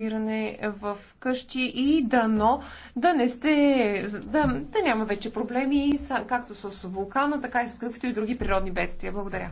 изолиране в къщи и дано да не сте, да, да няма вече проблеми, както с вулкана, така и с каквито и други природни бедствия. Благодаря.